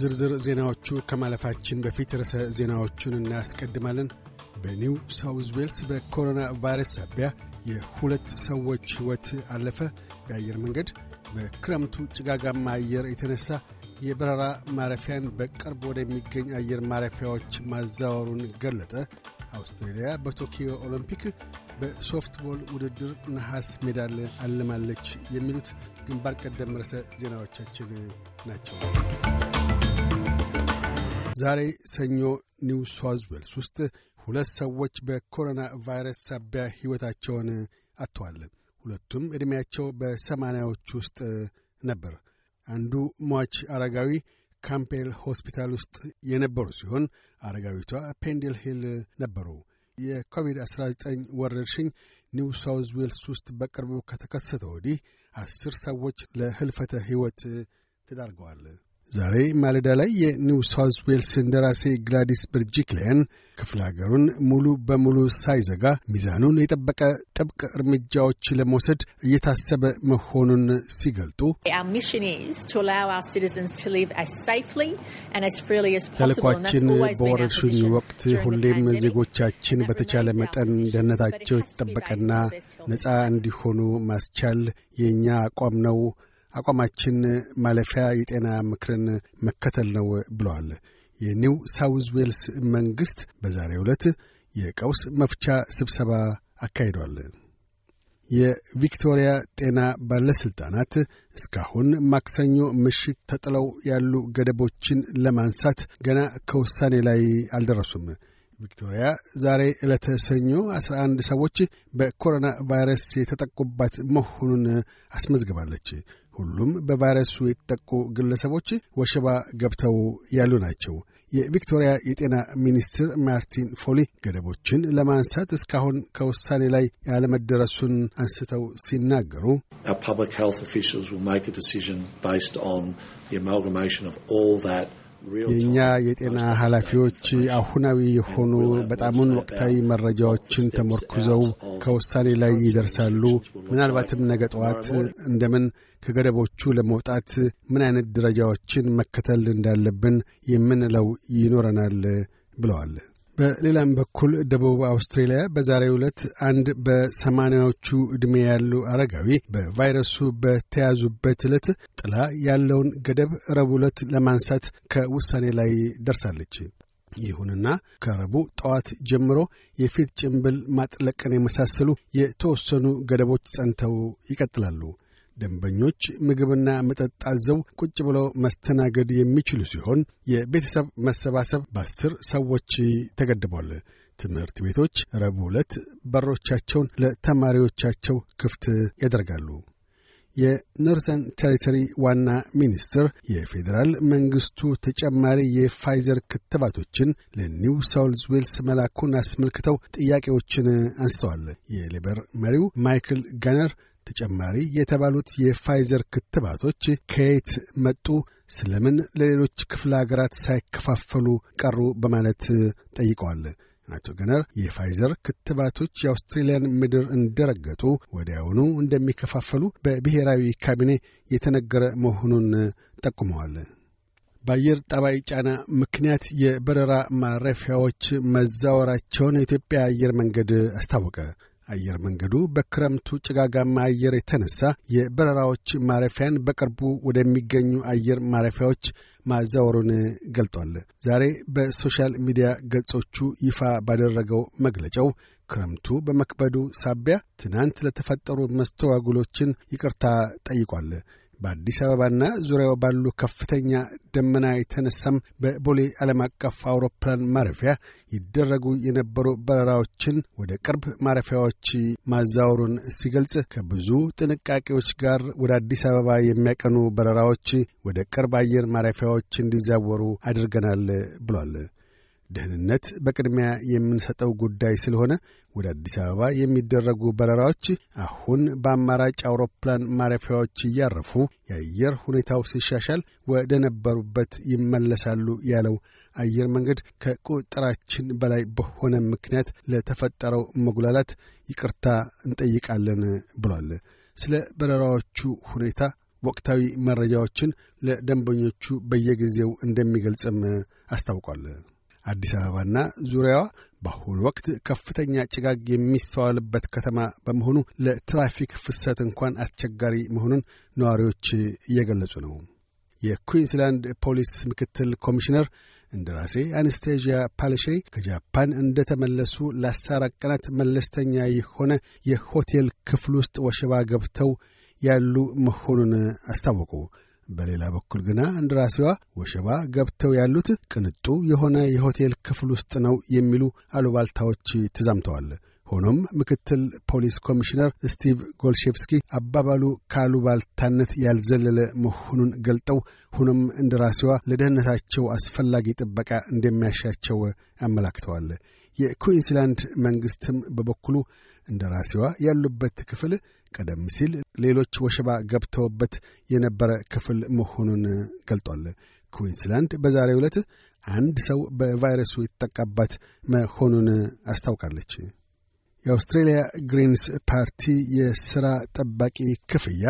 ዝርዝር ዜናዎቹ ከማለፋችን በፊት ርዕሰ ዜናዎቹን እናስቀድማለን። በኒው ሳውዝ ዌልስ በኮሮና ቫይረስ ሳቢያ የሁለት ሰዎች ሕይወት አለፈ። የአየር መንገድ በክረምቱ ጭጋጋማ አየር የተነሳ የበረራ ማረፊያን በቅርብ ወደሚገኝ አየር ማረፊያዎች ማዛወሩን ገለጠ። አውስትራሊያ በቶኪዮ ኦሎምፒክ በሶፍትቦል ውድድር ነሐስ ሜዳል አልማለች። የሚሉት ግንባር ቀደም ርዕሰ ዜናዎቻችን ናቸው። ዛሬ ሰኞ ኒው ሳውዝ ዌልስ ውስጥ ሁለት ሰዎች በኮሮና ቫይረስ ሳቢያ ሕይወታቸውን አጥተዋል። ሁለቱም ዕድሜያቸው በሰማንያዎች ውስጥ ነበር። አንዱ ሟች አረጋዊ ካምፔል ሆስፒታል ውስጥ የነበሩ ሲሆን አረጋዊቷ ፔንድል ሂል ነበሩ። የኮቪድ-19 ወረርሽኝ ኒው ሳውዝ ዌልስ ውስጥ በቅርቡ ከተከሰተ ወዲህ አስር ሰዎች ለህልፈተ ሕይወት ተዳርገዋል። ዛሬ ማለዳ ላይ የኒው ሳውዝ ዌልስ እንደራሴ ግላዲስ ብርጅክሊያን ክፍለ ሀገሩን ሙሉ በሙሉ ሳይዘጋ ሚዛኑን የጠበቀ ጥብቅ እርምጃዎች ለመውሰድ እየታሰበ መሆኑን ሲገልጡ ተልኳችን በወረርሽኝ ወቅት ሁሌም ዜጎቻችን በተቻለ መጠን ደህንነታቸው የተጠበቀና ነፃ እንዲሆኑ ማስቻል የእኛ አቋም ነው። አቋማችን ማለፊያ የጤና ምክርን መከተል ነው ብለዋል። የኒው ሳውዝ ዌልስ መንግሥት በዛሬ ዕለት የቀውስ መፍቻ ስብሰባ አካሂዷል። የቪክቶሪያ ጤና ባለሥልጣናት እስካሁን ማክሰኞ ምሽት ተጥለው ያሉ ገደቦችን ለማንሳት ገና ከውሳኔ ላይ አልደረሱም። ቪክቶሪያ ዛሬ ዕለተ ሰኞ 11 ሰዎች በኮሮና ቫይረስ የተጠቁባት መሆኑን አስመዝግባለች። ሁሉም በቫይረሱ የተጠቁ ግለሰቦች ወሸባ ገብተው ያሉ ናቸው። የቪክቶሪያ የጤና ሚኒስትር ማርቲን ፎሊ ገደቦችን ለማንሳት እስካሁን ከውሳኔ ላይ ያለመደረሱን አንስተው ሲናገሩ ፐብሊክ ሄልት ኦፊሻልስ ዊል ሜክ አ ዲሲዥን ቤዝድ ኦን ዘ አማልጋሜሽን ኦፍ ኦል ዛት የእኛ የጤና ኃላፊዎች አሁናዊ የሆኑ በጣሙን ወቅታዊ መረጃዎችን ተመርኩዘው ከውሳኔ ላይ ይደርሳሉ። ምናልባትም ነገ ጠዋት እንደምን ከገደቦቹ ለመውጣት ምን አይነት ደረጃዎችን መከተል እንዳለብን የምንለው ይኖረናል ብለዋል። በሌላም በኩል ደቡብ አውስትሬልያ በዛሬው ዕለት አንድ በሰማኒያዎቹ ዕድሜ ያሉ አረጋዊ በቫይረሱ በተያዙበት ዕለት ጥላ ያለውን ገደብ ረቡዕ ዕለት ለማንሳት ከውሳኔ ላይ ደርሳለች። ይሁንና ከረቡ ጠዋት ጀምሮ የፊት ጭንብል ማጥለቅን የመሳሰሉ የተወሰኑ ገደቦች ጸንተው ይቀጥላሉ። ደንበኞች ምግብና መጠጥ አዘው ቁጭ ብለው መስተናገድ የሚችሉ ሲሆን የቤተሰብ መሰባሰብ በአስር ሰዎች ተገድቧል። ትምህርት ቤቶች ረቡዕ ዕለት በሮቻቸውን ለተማሪዎቻቸው ክፍት ያደርጋሉ። የኖርዘርን ቴሪተሪ ዋና ሚኒስትር የፌዴራል መንግስቱ ተጨማሪ የፋይዘር ክትባቶችን ለኒው ሳውልዝ ዌልስ መላኩን አስመልክተው ጥያቄዎችን አንስተዋል። የሌበር መሪው ማይክል ጋነር ተጨማሪ የተባሉት የፋይዘር ክትባቶች ከየት መጡ? ስለምን ለሌሎች ክፍለ ሀገራት ሳይከፋፈሉ ቀሩ? በማለት ጠይቀዋል። አቶ ገነር የፋይዘር ክትባቶች የአውስትሬልያን ምድር እንደረገጡ ወዲያውኑ እንደሚከፋፈሉ በብሔራዊ ካቢኔ የተነገረ መሆኑን ጠቁመዋል። በአየር ጠባይ ጫና ምክንያት የበረራ ማረፊያዎች መዛወራቸውን የኢትዮጵያ አየር መንገድ አስታወቀ። አየር መንገዱ በክረምቱ ጭጋጋማ አየር የተነሳ የበረራዎች ማረፊያን በቅርቡ ወደሚገኙ አየር ማረፊያዎች ማዛወሩን ገልጧል። ዛሬ በሶሻል ሚዲያ ገጾቹ ይፋ ባደረገው መግለጫው ክረምቱ በመክበዱ ሳቢያ ትናንት ለተፈጠሩ መስተዋጉሎችን ይቅርታ ጠይቋል። በአዲስ አበባና ዙሪያው ባሉ ከፍተኛ ደመና የተነሳም በቦሌ ዓለም አቀፍ አውሮፕላን ማረፊያ ይደረጉ የነበሩ በረራዎችን ወደ ቅርብ ማረፊያዎች ማዛወሩን ሲገልጽ ከብዙ ጥንቃቄዎች ጋር ወደ አዲስ አበባ የሚያቀኑ በረራዎች ወደ ቅርብ አየር ማረፊያዎች እንዲዛወሩ አድርገናል ብሏል። ደህንነት በቅድሚያ የምንሰጠው ጉዳይ ስለሆነ ወደ አዲስ አበባ የሚደረጉ በረራዎች አሁን በአማራጭ አውሮፕላን ማረፊያዎች እያረፉ የአየር ሁኔታው ሲሻሻል ወደ ነበሩበት ይመለሳሉ ያለው አየር መንገድ ከቁጥራችን በላይ በሆነ ምክንያት ለተፈጠረው መጉላላት ይቅርታ እንጠይቃለን ብሏል። ስለ በረራዎቹ ሁኔታ ወቅታዊ መረጃዎችን ለደንበኞቹ በየጊዜው እንደሚገልጽም አስታውቋል። አዲስ አበባና ዙሪያዋ በአሁኑ ወቅት ከፍተኛ ጭጋግ የሚስተዋልበት ከተማ በመሆኑ ለትራፊክ ፍሰት እንኳን አስቸጋሪ መሆኑን ነዋሪዎች እየገለጹ ነው። የኩዊንስላንድ ፖሊስ ምክትል ኮሚሽነር እንደራሴ አነስቴዥያ ፓለሼ ከጃፓን እንደተመለሱ ለአስራ ቀናት መለስተኛ የሆነ የሆቴል ክፍል ውስጥ ወሸባ ገብተው ያሉ መሆኑን አስታወቁ። በሌላ በኩል ግና እንደራሴዋ ወሸባ ገብተው ያሉት ቅንጡ የሆነ የሆቴል ክፍል ውስጥ ነው የሚሉ አሉባልታዎች ተዛምተዋል። ሆኖም ምክትል ፖሊስ ኮሚሽነር ስቲቭ ጎልሼቭስኪ አባባሉ ከአሉባልታነት ያልዘለለ መሆኑን ገልጠው ሆኖም እንደራሴዋ ለደህንነታቸው አስፈላጊ ጥበቃ እንደሚያሻቸው አመላክተዋል። የኩዊንስላንድ መንግሥትም በበኩሉ እንደራሴዋ ያሉበት ክፍል ቀደም ሲል ሌሎች ወሸባ ገብተውበት የነበረ ክፍል መሆኑን ገልጧል። ኩዊንስላንድ በዛሬ ዕለት አንድ ሰው በቫይረሱ የተጠቃባት መሆኑን አስታውቃለች። የአውስትሬልያ ግሪንስ ፓርቲ የሥራ ጠባቂ ክፍያ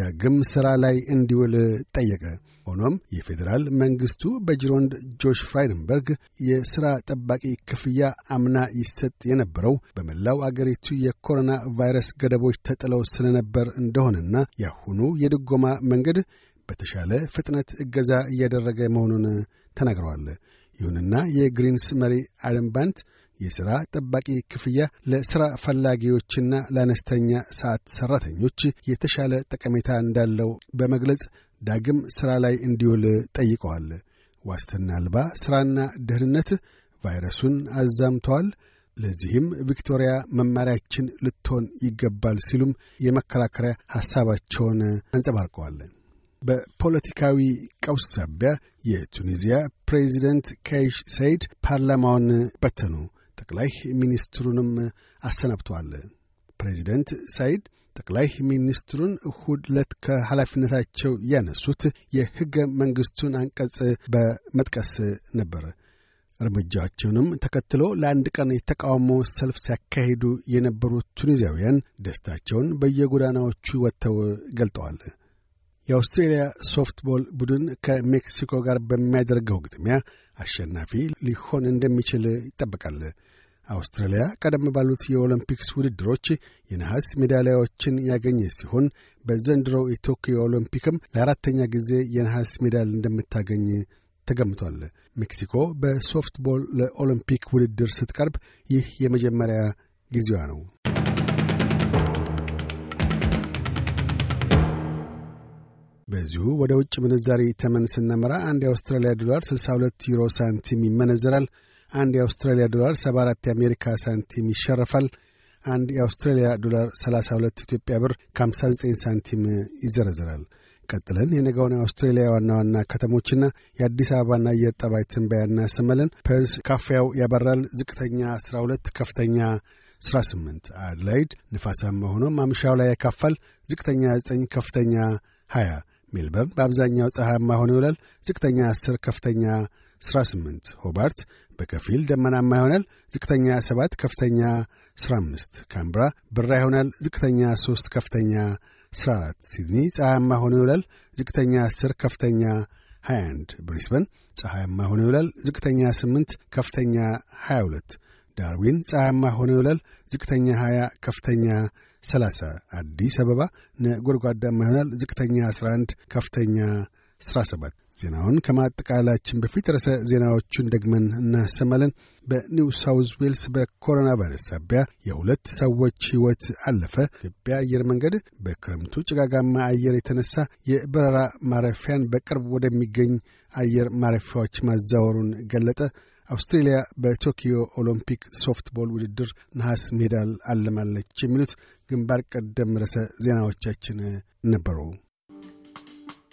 ዳግም ሥራ ላይ እንዲውል ጠየቀ። ሆኖም የፌዴራል መንግስቱ በጅሮንድ ጆሽ ፍራይደንበርግ የሥራ ጠባቂ ክፍያ አምና ይሰጥ የነበረው በመላው አገሪቱ የኮሮና ቫይረስ ገደቦች ተጥለው ስለነበር እንደሆነና ያሁኑ የድጎማ መንገድ በተሻለ ፍጥነት እገዛ እያደረገ መሆኑን ተናግረዋል። ይሁንና የግሪንስ መሪ አደም ባንት የሥራ ጠባቂ ክፍያ ለሥራ ፈላጊዎችና ለአነስተኛ ሰዓት ሠራተኞች የተሻለ ጠቀሜታ እንዳለው በመግለጽ ዳግም ሥራ ላይ እንዲውል ጠይቀዋል። ዋስትና አልባ ሥራና ደህንነት ቫይረሱን አዛምተዋል። ለዚህም ቪክቶሪያ መማሪያችን ልትሆን ይገባል ሲሉም የመከራከሪያ ሐሳባቸውን አንጸባርቀዋል። በፖለቲካዊ ቀውስ ሳቢያ የቱኒዚያ ፕሬዚደንት ካይሽ ሰይድ ፓርላማውን በተኑ። ጠቅላይ ሚኒስትሩንም አሰናብተዋል። ፕሬዚደንት ሳይድ ጠቅላይ ሚኒስትሩን እሁድ ዕለት ከኃላፊነታቸው ያነሱት የሕገ መንግሥቱን አንቀጽ በመጥቀስ ነበር። እርምጃቸውንም ተከትሎ ለአንድ ቀን የተቃውሞ ሰልፍ ሲያካሂዱ የነበሩ ቱኒዚያውያን ደስታቸውን በየጎዳናዎቹ ወጥተው ገልጠዋል። የአውስትሬልያ ሶፍትቦል ቡድን ከሜክሲኮ ጋር በሚያደርገው ግጥሚያ አሸናፊ ሊሆን እንደሚችል ይጠበቃል። አውስትራሊያ ቀደም ባሉት የኦሎምፒክስ ውድድሮች የነሐስ ሜዳሊያዎችን ያገኘ ሲሆን በዘንድሮው የቶኪዮ ኦሎምፒክም ለአራተኛ ጊዜ የነሐስ ሜዳል እንደምታገኝ ተገምቷል። ሜክሲኮ በሶፍትቦል ለኦሎምፒክ ውድድር ስትቀርብ ይህ የመጀመሪያ ጊዜዋ ነው። በዚሁ ወደ ውጭ ምንዛሪ ተመን ስናመራ አንድ የአውስትራሊያ ዶላር 62 ዩሮ ሳንቲም ይመነዘራል። አንድ የአውስትራሊያ ዶላር 74 የአሜሪካ ሳንቲም ይሸርፋል። አንድ የአውስትራሊያ ዶላር 32 ኢትዮጵያ ብር ከ59 ሳንቲም ይዘረዝራል። ቀጥለን የነገውን የአውስትሬሊያ ዋና ዋና ከተሞችና የአዲስ አበባና አየር ጠባይ ትንበያና ስመለን። ፐርስ ካፊያው ያበራል። ዝቅተኛ 12፣ ከፍተኛ 18። አድላይድ ንፋሳማ ሆኖ ማምሻው ላይ ያካፋል። ዝቅተኛ 9፣ ከፍተኛ 20። ሜልበርን በአብዛኛው ፀሐያማ ሆኖ ይውላል። ዝቅተኛ 10፣ ከፍተኛ 18። ሆባርት በከፊል ደመናማ ይሆናል። ዝቅተኛ 7 ከፍተኛ 15። ካምብራ ብራ ይሆናል። ዝቅተኛ 3 ከፍተኛ 14። ሲድኒ ፀሐያማ ሆኖ ይውላል። ዝቅተኛ 10 ከፍተኛ 21። ብሪስበን ፀሐያማ ሆኖ ይውላል። ዝቅተኛ 8 ከፍተኛ 22። ዳርዊን ፀሐያማ ሆኖ ይውላል። ዝቅተኛ 20 ከፍተኛ 30። አዲስ አበባ ነጎድጓዳማ ይሆናል። ዝቅተኛ 11 ከፍተኛ ሰባት ዜናውን ከማጠቃላችን በፊት ርዕሰ ዜናዎቹን ደግመን እናሰማለን። በኒው ሳውዝ ዌልስ በኮሮና ቫይረስ ሳቢያ የሁለት ሰዎች ሕይወት አለፈ። ኢትዮጵያ አየር መንገድ በክረምቱ ጭጋጋማ አየር የተነሳ የበረራ ማረፊያን በቅርብ ወደሚገኝ አየር ማረፊያዎች ማዛወሩን ገለጠ። አውስትሬልያ በቶኪዮ ኦሎምፒክ ሶፍትቦል ውድድር ነሐስ ሜዳል አለማለች። የሚሉት ግንባር ቀደም ርዕሰ ዜናዎቻችን ነበሩ።